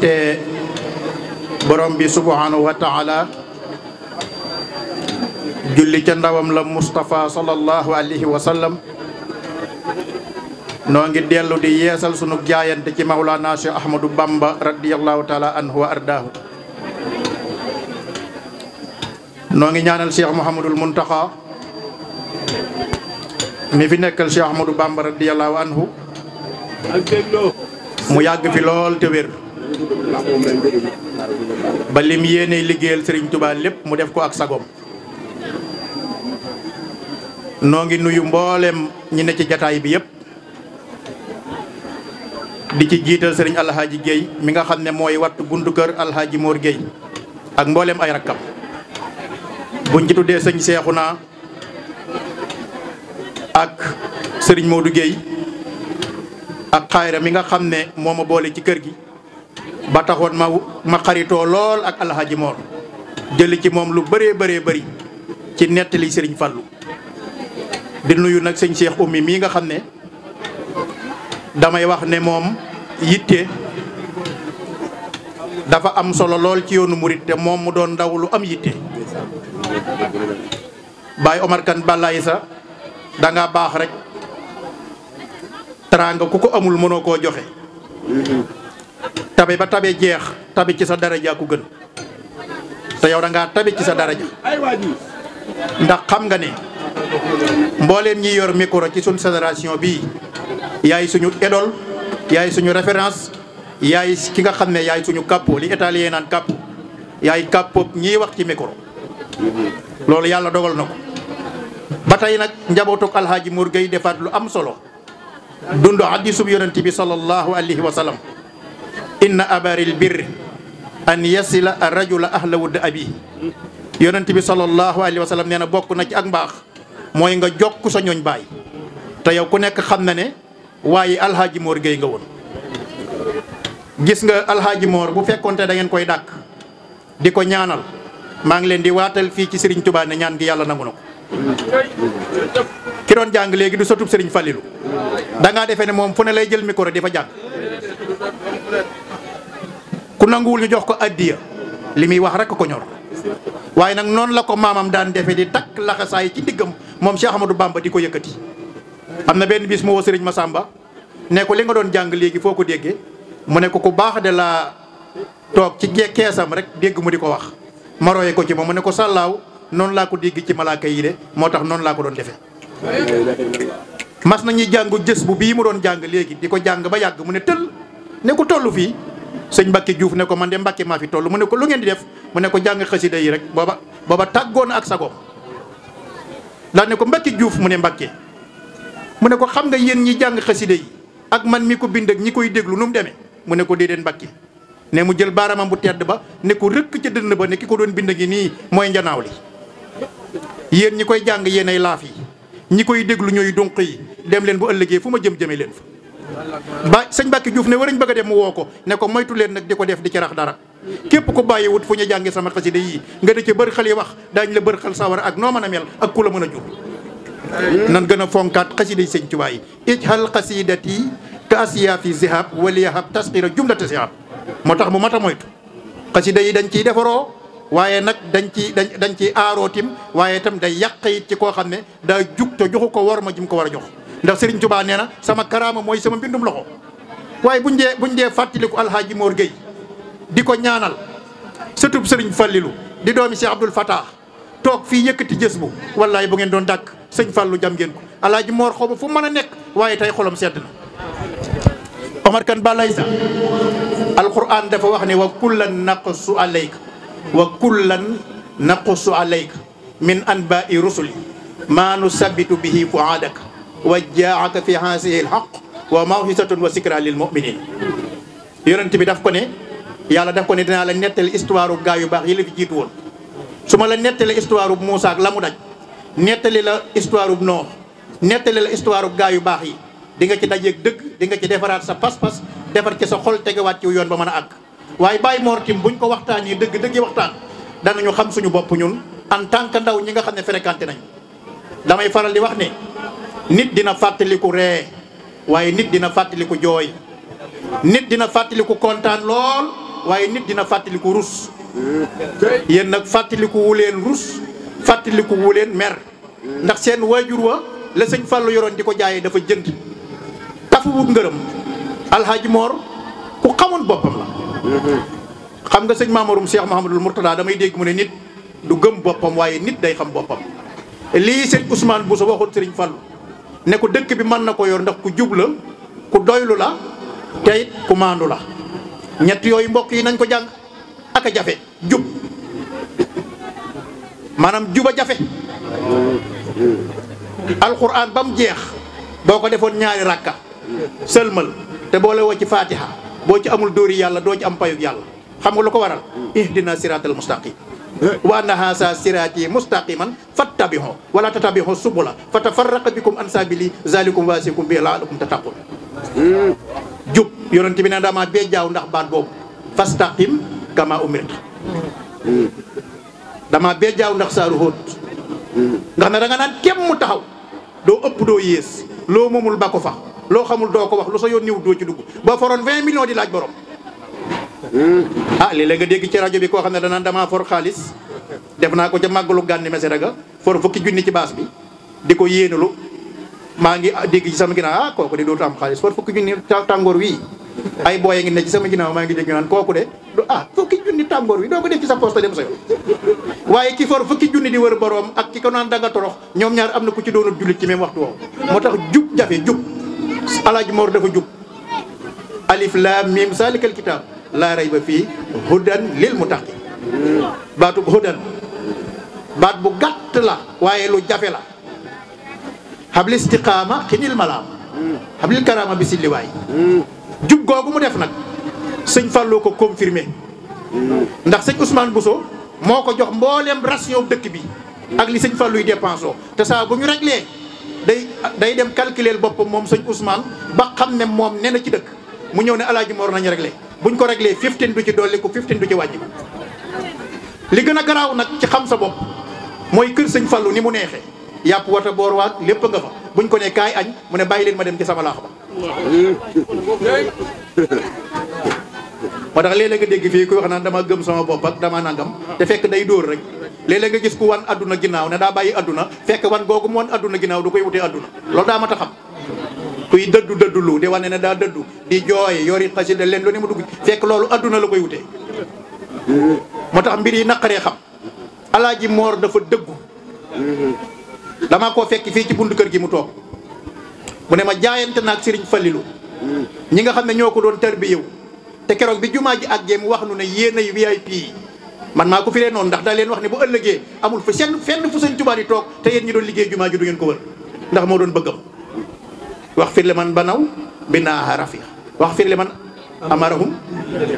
te borom bi subhanahu wa taala julli ca ndawam la Moustapha sallallahu alayhi wa sallam noo ngi dellu di yeesal sunu jaayante ci Mawlana Cheikh Ahmadou Bamba radiyallahu taala anhu wa ardaahu noo ngi ñaanal Cheikh Mouhamadul Muntaxa mi fi nekkal Cheikh Ahmadou Bamba radiyallahu anhu mu yàgg fi lool te wér ba lim yéene liggéeyal sëriñ Touba lépp mu def ko ak sagoom noo ngi nuyu mboolem ñi ne ci jataay bi yépp di ci jiital sëriñ alxaaji Guèye mi nga xam ne mooy wattu buntu kër Alhaji Mor Guèye ak mbooleem ay rakkam buñ ci tuddee sëñ Seexuna ak Serigne Modou Guèye ak xaayra mi nga xam ne moo ma boole ci kër gi. ba taxoon ma ma xaritoo lool ak alxaaji moor jëli ci moom lu bëree bëree bari ci nettali sëriñ Fallou di nuyu nag sëñ Cheikh Oumy mii nga xam ne damay wax ne moom yitte dafa am solo lool ci yoonu murit te moom mu doon ndaw lu am yitte Baye Omar Kane sa da baax rek teraanga ku ko amul mënoo koo joxe tabe ba tabe jeex tabe ci sa daraja ku gën te yow da ngaa tabe ci sa daraja ndax xam nga ne mbooleen ñi yor micro ci suñ génération bii yaay suñu idole yaay suñu référence yaay ki nga xam ne yaay suñu capot li italien naan capot yaay capot ñiy wax ci micro loolu yàlla dogal na ko ba tey nag njabootuk alxaaji muur Gueye defaat lu am solo dund addi sub yonent bi sallallahu alayhi wa sallam inna abaril birr an yasila rajula ahla wudd abi yonent bi sallallahu alayhi wa sallam nee na bokk na ci ak mbaax mooy nga jokk sa ñooñ baay te yow ku nekk xam na ne waaye alxaaji moor géey nga woon gis nga alxaaji moor bu fekkonte da ngeen koy dàkk di ko ñaanal maa ngi leen di waatal fii ci Serigne Touba ne ñaan gi yàlla nangu na ko ki doon jàng léegi du sotub Serigne Fallilou da ngaa ne moom fu ne lay jël micro di fa jàng ku nanguwul ñu jox ko addiya li muy wax rek ko ñor waaye nag noonu la ko maamam daan defee di takk laxasaay ci ndiggam moom Cheikh Ahmadou bàmba di ko yëkkati. am na benn bis mu woo ma sàmba ne ko li nga doon jàng léegi foo ko déggee mu ne ko ku baax de la toog ci keesam rek dégg mu di ko wax ma roye ko ci moom mu ne ko sàllaaw noonu laa ko dégg ci malaaka yi de moo tax noonu laa ko doon defee. mas nañuy jàng jës bu bii mu doon jàng léegi di ko jàng ba yàgg mu ne tël ne tollu fii. sëñ Mbacke Diouf ne ko man de Mbacke maa fi toll mu ne ko lu ngeen di def mu ne ko jàng xasida yi rek booba booba tàggoon ak sagoom daal ne ko Mbacke Diouf mu ne Mbacke mu ne ko xam nga yéen ñi jàng xasida yi ak man mi ko bind ak ñi koy déglu nu mu demee mu ne ko déedéet mbakki ne mu jël baaraamam bu tedd ba ne ko rëkk ca dënn ba ne ki ko doon bind ngi nii mooy njanaaw li yéen ñi koy jàng yéen ay laaf yi ñi koy déglu ñooy donq yi dem leen bu ëllëgee fu ma jëm jëmee leen ba sëñ Mbàkke Juuf ne warañ bëgg a dem mu woo ko ne ko moytu leen nag di ko def di ci rax dara képp ku bàyyiwut fu ñu jàngi sama xasida yii nga di ci bër xal yi wax daañ la bër xal sawar ak noo mën a mel ak ku la mën a jur nan gën a fonkaat xasida yi sëñ Tuubaa yi ijhal xasidati ka asiya fi zihab waliyahab tasqira jumlata zihab moo tax mu mat a moytu xasida yi dañ ciy defaroo waaye nag dañ ci dañ dañ ciy aaroo tim waaye itam day yàq it ci koo xam ne daa jug te joxu ko war ma jim ko war a jox ndax Serigne Touba nee na sama karaama mooy sama mbindum loxo waaye buñ dee buñ dee fàttaliku Alhaaji Mor Gueye di ko ñaanal sëtub Serigne Fallilou di doomi Cheikh Abdoul Fattah toog fii yëkkati jës bu wallaay bu ngeen doon dàkk sëñ fallu jam ngeen ko Alhaaji Mor xaw fu mën a nekk waaye tey xolam sedd na Omar Kan balay sa alquran dafa wax ne wa kullan naqsu alayka wa kullan naqsu alayka min anba'i rusuli maa nu sabitu bihi fuaadaka wa jaaka fi haasihi alxaq wa mawhisatun wa sikra lil muminin yonent bi daf ko ne yàlla daf ko ne dinaa la nettali histoire gaa yu baax yi la fi jiitu woon su ma la nettali histoire bu Moussa ak la mu daj nettali la histoire bu Noox nettali la histoire bu gaa yu baax yi di nga ci dajeeg dëgg di nga ci defaraat sa pas-pas defar ci sa xol tegewaat ci yoon ba mën a àgg waaye Baye Mor Tine buñ ko waxtaan yi dëgg dëgg waxtaan danañu xam suñu bopp ñun en tant que ndaw ñi nga xam ne fréquenté nañ damay faral nit dina fàttaliku ree waaye nit dina fàttaliku jooy nit dina fàttaliku kontaan lool waaye nit dina fàttaliku rus yéen nag fàttaliku wu leen rus fàttaliku wu leen mer ndax seen waajur wa la sëñ Fallou yoroon di ko jaaye dafa jënd tafu wut ngërëm alxaaji Moor ku xamoon boppam la xam nga sëñ Maamarum Cheikh Mouhamadul Mourtada damay dégg mu ne nit du gëm boppam waaye nit day xam boppam lii sëñ Ousmane Bousso waxoon sëriñ Fallou ne ko dëkk bi mën na ko yor ndax ku jubla ku doylu la te it ku maandu la ñetti yooyu mbokk yi nañ ko jàng ak a jafe jub maanaam juba jafe alxuraan ba mu jeex boo ko defoon ñaari rakka sëlmal te boole woo ci faatiha boo ci amul dóori yàlla doo ci am payug yàlla xam nga lu ko waral ihdina siraatal mustaqim wa anna haza sirati mustaqiman fattabihu wala tatabihu subula fatafarraqa bikum an sabili zalikum wasikum bi laalakum tattaqun hmm. jub yonent bi ne dama bee jaaw ndax baat boobu fastaqim kama umirta hmm. dama bee jaaw ndax saaru hóot hmm. ndax ne da nga naan kéem mu taxaw doo ëpp doo yées loo moomul ba ko fa loo xamul doo ko wax lu sa yoon niw doo ci dugg boo foroon 20 millions di laaj borom Hmm? ah léeg nga dégg ci rajo bi koo xam ne danaan damaa for xaalis def naa ko ca màggalu gànni mesere ga for fukki junni ci baas bi di ko yéenalu maa ngi dégg ci sama ginnaaw ah kooku de dootu am xaalis for fukki junni tàngoor wii ay booye ngi ne ci sama ginnaaw maa ngi dégg naan kooku de ah fukki junni tàngoor wi doo ko def a sa poste dem sa yoon waaye ki for fukki junni di wër boroom ak ki ko naan dagga torox ñoom ñaar am na ku ci doonut jullit ci même waxtu woowu moo tax jub jafe jub alaaj Mor dafa jub alif laam miim saalikal kitaab laa ba fii hudan lil muttaqi baatu hudan baat bu gàtt la waaye lu jafe la xablil istiqaama xinil malaam xablil karaama bi silliwaay jub googu mu def nag sëñ Fallou ko confirmé ndax sëñ Ousmane Bousso moo ko jox mbooleem ration dëkk bi ak li sëñ Fallou yi dépensé te saa bu ñu réglé day day dem calculer bopp moom sëñ Ousmane ba xam ne moom nee na ci dëkk mu ñëw ne alaaji Mor nañu réglé bu ñu ko réglé 15 du ci dolliku 15 du ci wàññiku li gën a garaaw nag ci xam sa bopp mooy kër sëñ Fallou ni mu neexee yàpp wata boor waag lépp nga fa buñ ko ne kaay añ mu ne bàyyi leen ma dem ci sama laax ba moo tax léeg-léeg nga dégg fii kuy wax naan dama gëm sama bopp ak dama nangam te fekk day dóor rek léeg nga gis ku wan adduna ginnaaw ne daa bàyyi adduna fekk wan googu mu wan adduna ginnaaw du koy wutee adduna loolu daa mat a xam kuy dëddu dëddu lu di wane ne daa dëddu di jooye yori xasida leen lu ne mu dugg fekk loolu adduna la koy wutee moo tax mbir yi naqaree xam ji moor dafa dëggu damaa koo fekk fii ci bunt kër gi mu toog mu ne ma jaayante naag Serigne Fallilou ñi nga xam ne ñoo ko doon tër bi yow te keroog bi jumaa ji ak jéem wax nu ne yéen ay VIP yi man maa ko firee noonu ndax daa leen wax ne bu ëllëgee amul fu seen fenn fu seen Tuubaa di toog te yéen ñi doon liggéey jumaa ji ko wër ndax moo doon bëggam wax fir li man banaw binaaha rafiq wax fir li man amarahum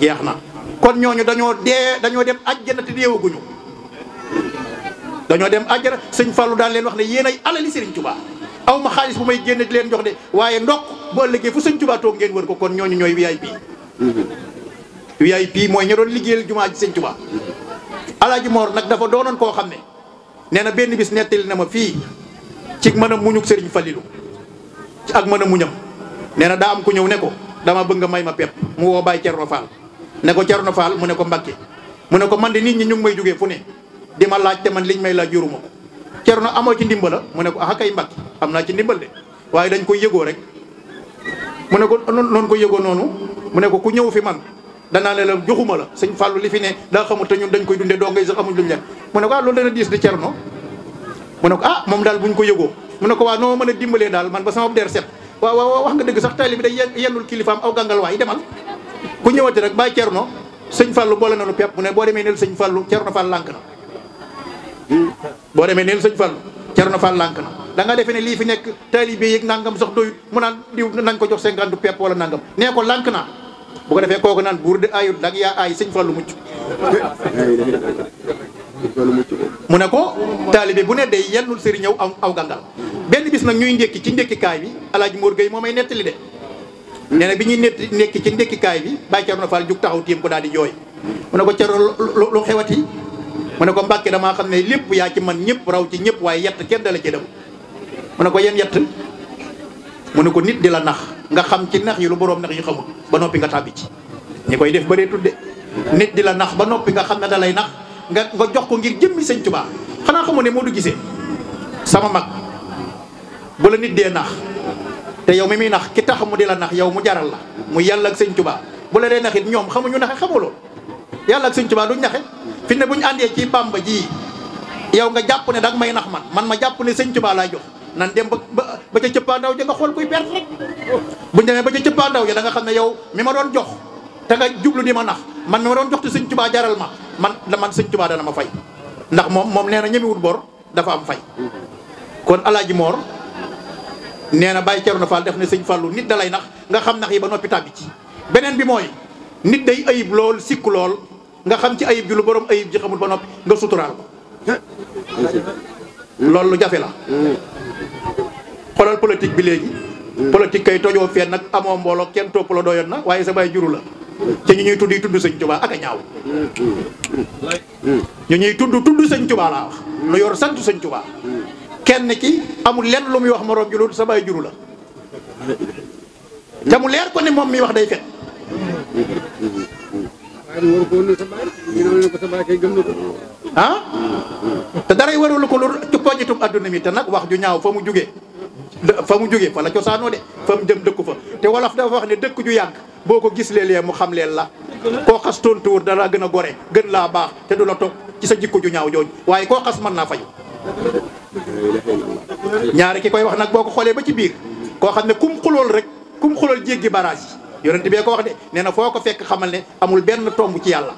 jeex na kon ñooñu dañoo dee dañoo dem àjjana te deewaguñu dañoo dem àjjana sëñ Fallou daan leen wax ne yéen ay alali Sëriñ Tuubaa aw ma xaalis bu may génn di leen jox de waaye ndox bu ëllëgee fu sëñ Tuubaa toog ngeen wër ko kon ñooñu ñooy VIP VIP mooy ña doon liggéeyal jumaa ji sëñ Tuubaa Alaaji Moor nag dafa doonoon koo xam ne nee na benn bis nettali na ma fii ci mën a muñuk Sëriñ ak na a muñam nee na daa am ku ñëw ne ko dama bëgg may ma pepp mu woo Baye Thierno Fall ne ko Thierno Fall mu ne ko Mbacke mu ne ko man de nit ñi ñu ngi may jógee fu ne di ma laaj te man liñ may laaj yoruma ko Thierno amoo ci ndimbala mu ne ko ah kay am naa ci ndimbal de dañ koy yëgoo rek mu ne ko noonu ko yëgoo noonu mu ne ko ku ñëw fi man danaa ne la joxuma la sëñ Fallou li fi ne daa xamul te ñun dañ koy dundee doo ngay sax amuñ lu leen mu ne ko ah loolu dana diis di Thierno mu ne ko ah, moom daal buñ ko yëgoo mu ne ko waa noo mën a dimbalee daal man ba sama der set waaw waaw wax nga dëgg sax taali bi day yellul kilifaam aw gàngal waay demal ku ñëwati rek bàyyi cerno sëñ fàllu boole na lu pepp mu ne boo demee neel sëñ fàllu cerno fàll lànk na boo demee neel sëñ fàllu cerno fàll lànk na da nga defee ne lii fi nekk taalibe yeeg nangam sax doyut mu naan diw nañ ko jox cinquante pepp wala nangam nee ko lànk na bu ko defee kooku naan buur de ayut dagg yaa aay sëñ fàllu mucc mu ne ko taalibe bu ne day yennul sëriñ ñëw aw aw gàngal benn bis nag ñuy ndékki ci ndékkikaay bi alaaji Mor Gueye moo may nettali de nee na bi ñuy nett nekki ci ndékkikaay bi Baye Thierno Fall jug taxaw tiim ko daal di jooy mu ne ko Thierno lu xewati mu ne ko Mbàkke damaa xam ne lépp yaa ci man ñëpp raw ci ñëpp waaye yett kenn dala ci dem mu ne ko yéen yett mu ne ko nit di la nax nga xam ci nax yi lu boroom nax yi xamul ba noppi nga tàbbi ci ñi koy def bëreetut de nit di la nax ba noppi nga xam ne da lay nax nga nga jox ko ngir jëmmi sëñ Tuubaa xanaa xamoo ne moo du gisee sama mag bu la nit dee nax te yow mi muy nax ki tax mu di la nax yow mu jaral la mu yàlla ak sëñ Tuubaa bu la dee nax it ñoom xamuñu naxe xamuloo yàlla ak sëñ Tuubaa duñ naxe fi ne bu ñu àndee ci Bàmba ji yow nga jàpp ne danga may nax man man ma jàpp ne sëñ Tuubaa laa jox nan dem ba ba ba ca ndaw ja nga xool kuy perte rek buñ demee ba ca ndaw ja da nga xam ne yow mi ma doon jox te nga jublu di ma nax man mi ma doon jox te sëñ Tuubaa jaral ma man la man sëñ Tuubaa dana ma fay ndax moom moom nee na ñemiwut bor dafa am fay kon alaaji moor nee na bàyyi na Fall def ne sëñ Fallu nit da lay nax nga xam nax yi ba noppi tàbbi ci beneen bi mooy nit day ayib lool sikku lool nga xam ci ayib ji lu borom ayib ji xamul ba noppi nga suturaal ko loolu lu jafe la xoolal politique bi léegi mm. politique kay tojoo fenn nag amoo mbooloo kenn topp la doyoon na waaye sa baay juru la te ñu ñuy tudd yi tudd sëñ Tuubaa ak a ñaaw ñu ñuy tudd tudd sëñ Tuubaa laa yor sant sëñ Tuubaa kenn ki amul lenn lu muy wax moroom ju lu sa baay juru la te mu leer ko ne moom mi wax day fen ah te daray warul ko lu ci poñitum adduna mi te nag wax ju ñaaw fa mu jógee fa mu jógee fa la cosaanoo de fa mu jëm dëkku fa te wolof dafa wax ne dëkk ju yàgg boo ko gis lee mu xam leen la koo xas tontuwul dalaa gën a gore gën laa baax te du la toog ci sa jikko ju ñaaw jooju waaye koo xas man naa faju ñaari ki koy wax nag boo ko xoolee ba ci biir koo xam ne kum xulool rek kum xulool jéggi barage yi yonent bee ko wax de nee na foo ko fekk xamal ne amul benn tomb ci yàlla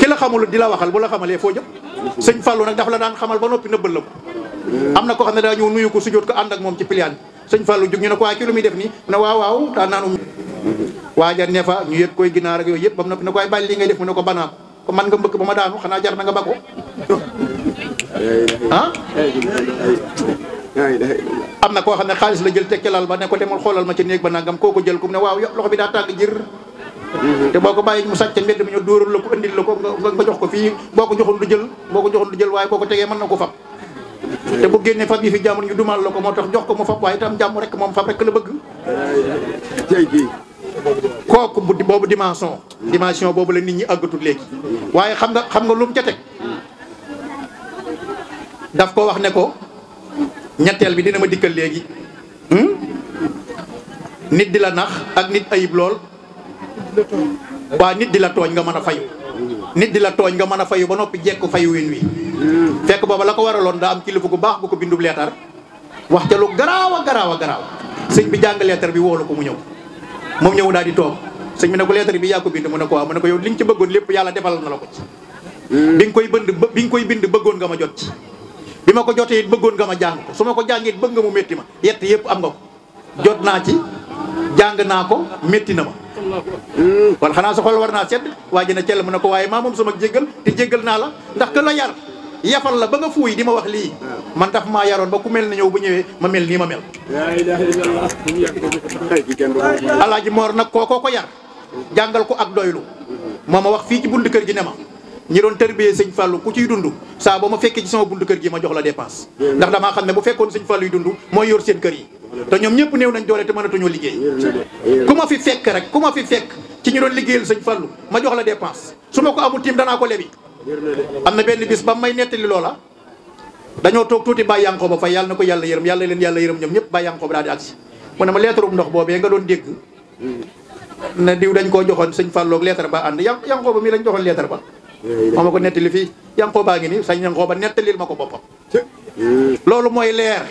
ki la xamul di la waxal bu la xamalee foo jëm sëñ Fallou nag dafa la daan xamal ba noppi nëbbal la ko am na koo xam ne daa ñëw nuyu ko sujjóot ko ànd ak moom ci piliaan sëñ Fallou jóg ñu ne ko waa ci lu def nii mu ne waaw waaw daan naan um waaja ne ñu yëpp koy ginaar ak yooyu yëpp bam na ne ko ay bàyyi li ngay def ko banaa ko man nga mbëkk ba ma daanu xanaa jar na nga bako ah am na koo xam ne xaalis la jël teg ca lal ba ne ko demal xoolal ma ci néeg ba nangam kooku jël ku mu ne waaw loxo bi daa tàng jër mm-hmm. te boo ko bàyyi mu sàcc ca mbedd mi ñu dóoral la ko indil la ko nga jox ko fii boo ko joxoon du jël boo ko joxoon du jël waaye boo tegee man na ko fab te bu génnee fab yi fi jàmbur ñu dumal la ko moo tax jox ko mu fab waaye itam jàmm rek moom fab rek la bëgg. kooku bu boobu dimension. dimension boobu la nit ñi àggatul léegi. waaye xam nga xam nga lu mu ca teg. daf ko wax ne ko ñetteel bi dina ma dikkal léegi. Hmm? nit di la nax ak nit ayib lool. waa nit di la tooñ nga mën a fayu. nit di la tooñ nga mën a fayu ba noppi jekku fayu win wi fekk booba la ko waraloon daa am kilifa gu baax bu ko bindub leetar wax ca lu garaaw a garaaw a garaaw sëñ bi jàng leetar bi woolu ko mu ñëw moom ñëw daal di toog sëñ bi ne ko leetar bi yaa ko bind mu ne ko waaw mu ne ko yow li ci bëggoon lépp yàlla defal na la ko ci bi nga koy bënd bi nga koy bind bëggoon nga ma jot ci bi ma ko jotee bëggoon nga ma jàng ko su ma ko jàngee bëgg nga mu métti ma yett yëpp am nga ko jot naa ci jàng naa ko métti na ma kon xanaa sa xol war naa sedd waa ji ne cell mu ne ko waaye maa moom sama jéggal te jéggal naa la ndax que a yar yafal la ba nga fuuy di ma wax lii man daf maa yaroon ba ku mel ni ñëw bu ñëwee ma mel nii ma mel alaaji moor nag kookoo ko yar jàngal ko ak doylu moo ma wax fii ci bunt kër gi ne ma ñi doon tërbiyee sëñ Fallou ku ciy dund saa ba ma fekkee ci sama buntu kër gi ma jox la dépense ndax damaa xam ne bu fekkoon sëñ Fallou yi dund mooy yor seen kër yi te ñoom ñëpp néew nañ doole te mënatuñoo liggéey ku ma fi fekk rek ku ma fi fekk ci ñu doon liggéeyal sañ Fallou ma jox la dépense su ma ko amul tiim danaa ko lebi am na benn bis ba may nettali loola dañoo toog tuuti Baye Yankoba Faye yàlla na ko yàlla yërëm yàlla leen yàlla yërëm ñoom ñëpp Baye Yankoba daal di agsi mu ne ma leetarum ndox dégg ne diw dañ koo joxoon sëñ Fallou ak leetar ba ànd Yankoba mi lañ joxoon leetar ba moo ma ko nettali fii yanqoobaa ngi nii sañ yanqooba nettalil ma ko boppam loolu mooy leer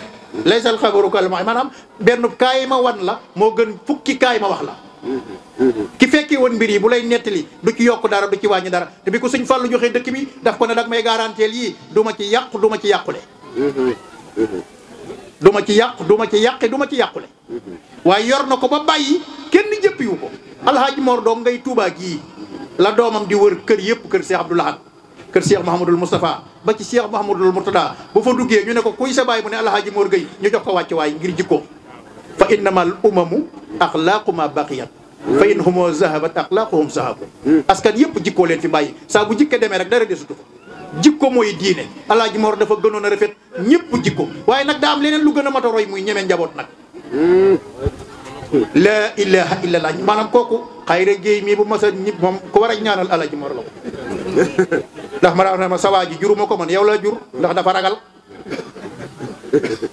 laysal xabaru kal ma maanaam benn kaay ma wan la moo gën fukki kaay ma wax la ki fekki woon mbir yi bu lay nettali du ci yokk dara du ci wàññi dara te bi ko suñ fàllu joxee dëkk bi daf ko ne dag may garanteel yii du ma ci yàqu du ma ci yàqule du ma ci yàqu duma ci yàqe duma ma ci yàqule waaye yor na ko ba bàyyi kenn jëppiwu ko alxaaji Mor doom ngay Tuubaa gii la doomam di wër kër yëpp kër Cheikh Abdou Lahad kër Cheikh Mouhamadul Moustapha ba ci Cheikh Mouhamadul Mourtada bu fa duggee ñu ne ko kuy sa baay mu ne Alhaaji Mor gay ñu jox ko wàcc waay ngir jikko fa innamal umamu axlaaqu ma baqiyat fa in humo zahabat axlaaquhum zahabu askan yëpp jikkoo leen fi bàyyi saa bu jikkee demee rek dara desutu fa jikko mooy diine Alhaaji Mor dafa gënoon a rafet ñëpp jikko waaye nag daa am leneen lu gën a mat a roy muy ñeme njaboot nag laa ilaha illallah maanaam kooku xayira géey mii bu mos a ñib moom ko war a ñaanal alaji mor la ko ndax ma daa ma sawaa ji juruma ko man yaw laa jur ndax dafa ragal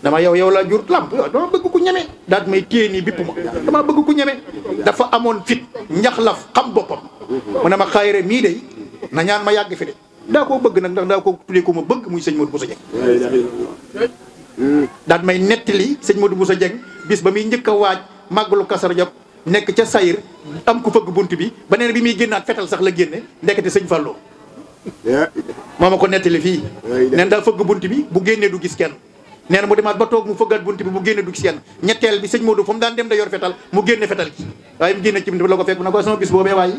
dama yow yow laa jur lamp yow dama bëgg ku ñeme may téye nii bipp ma bëgg ku ñeme dafa amoon fit ñax njaxlaf xam boppam mu ne ma xayira mii day na ñaan ma yàgg fi de daa koo bëgg nag ndax daa ko tuddee ko ma bëgg muy sëñ Modou Bousso Dieng daal may nettali sëñ Modou Bousso Dieng bis ba muy njëkk a waaj màggalu Kazu Rajab nekk ca sayir am ku fëgg bunt bi ba nee bi muy génnaat fetal sax la génne ndekete sëñ Fallou moo ma ko nettali fii neen daa fëgg bunt bi bu génnee du gis kenn nee na mu demaat ba toog mu fëggaat bunt bi mu génne du gis kenn ñetteel bi sëñ Modou fa mu daan dem da yor fetal mu génne fetal gi waaye mu génne ci bunt bi ko fekk na ne ko sama bis boobee waaye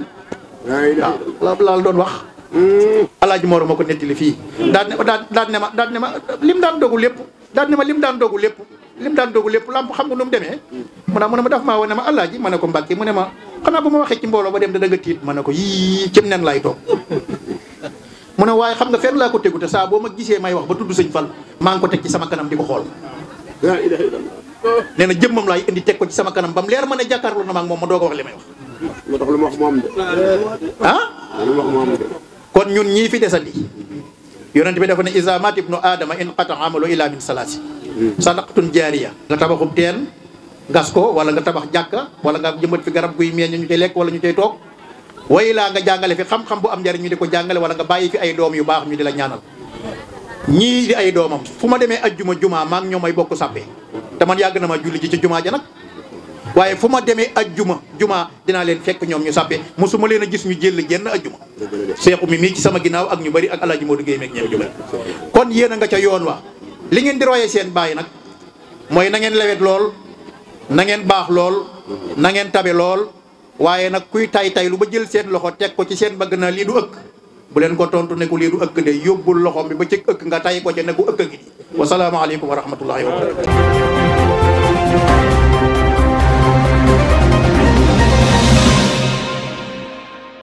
laal doon wax mm. alaaj Mor ma ko nettali fii daal ne daan ne ma daan ne ma lim daan dogu lépp daan ne ma lim daan dogu lépp lim daan dogu lépp làmp xam nga nu mu demee mu naa mu ne ma daf maa wane ma allah ji ma ne ko mbàkke mu ne ma xanaa ma waxee ci mbooloo ba dem da da nga tiit ne ko yii ne waaye xam nga fenn laa ko tegu te saa boo ma gisee may wax ba tudd sëñ fal maa ngi ko teg ci sama kanam di ko xool ne na jëmmam laay indi teg ko ci sama kanam ba mu leer ma ne jàkkaarloo na ma moom ma doog a wax li may wax ma wax moom de ah lu ma wax kon ñun ñii fi desandi yonent bi dafa ne isa mat ibnu aadama in qata amalo ila min salaasi sadaqatun jaariya nga tabaxum teen gas ko wala nga tabax jàkka wala nga jëmbat fi garab guy meññ ñu te lekk wala ñu cay toog way laa nga jàngale fi xam-xam bu am njariñ ñu di ko jàngale wala nga bàyyi fi ay doom yu baax ñu di la ñaanal ñii di ay doomam fu ma demee ajjuma jumaa maa ngi ñoom ay bokk sàppe te man na ma julli ji ci jumaa ja nag waaye fu ma demee ajjuma jumaa dinaa leen fekk ñoom ñu su ma leen a gis ñu jël genn ajjuma seexu mi mii ci sama ginnaaw ak ñu bari ak alaaji Modou Guèye meeg ñoom ñu kon yéen nga ca yoon li ngeen di royee seen baay nag mooy na ngeen lewet lool na ngeen baax lool na ngeen tabe lool waaye nag kuy tay tay lu ba jël seen loxo teg ko ci seen bëgg na lii du ëkk bu leen ko tontu ne ko lii du ëkk de yóbbul loxoom bi ba ci ëkk nga tay ko ca ne ko ëkk gi wasalaamaaleykum wa rahmatullahi wa barakatu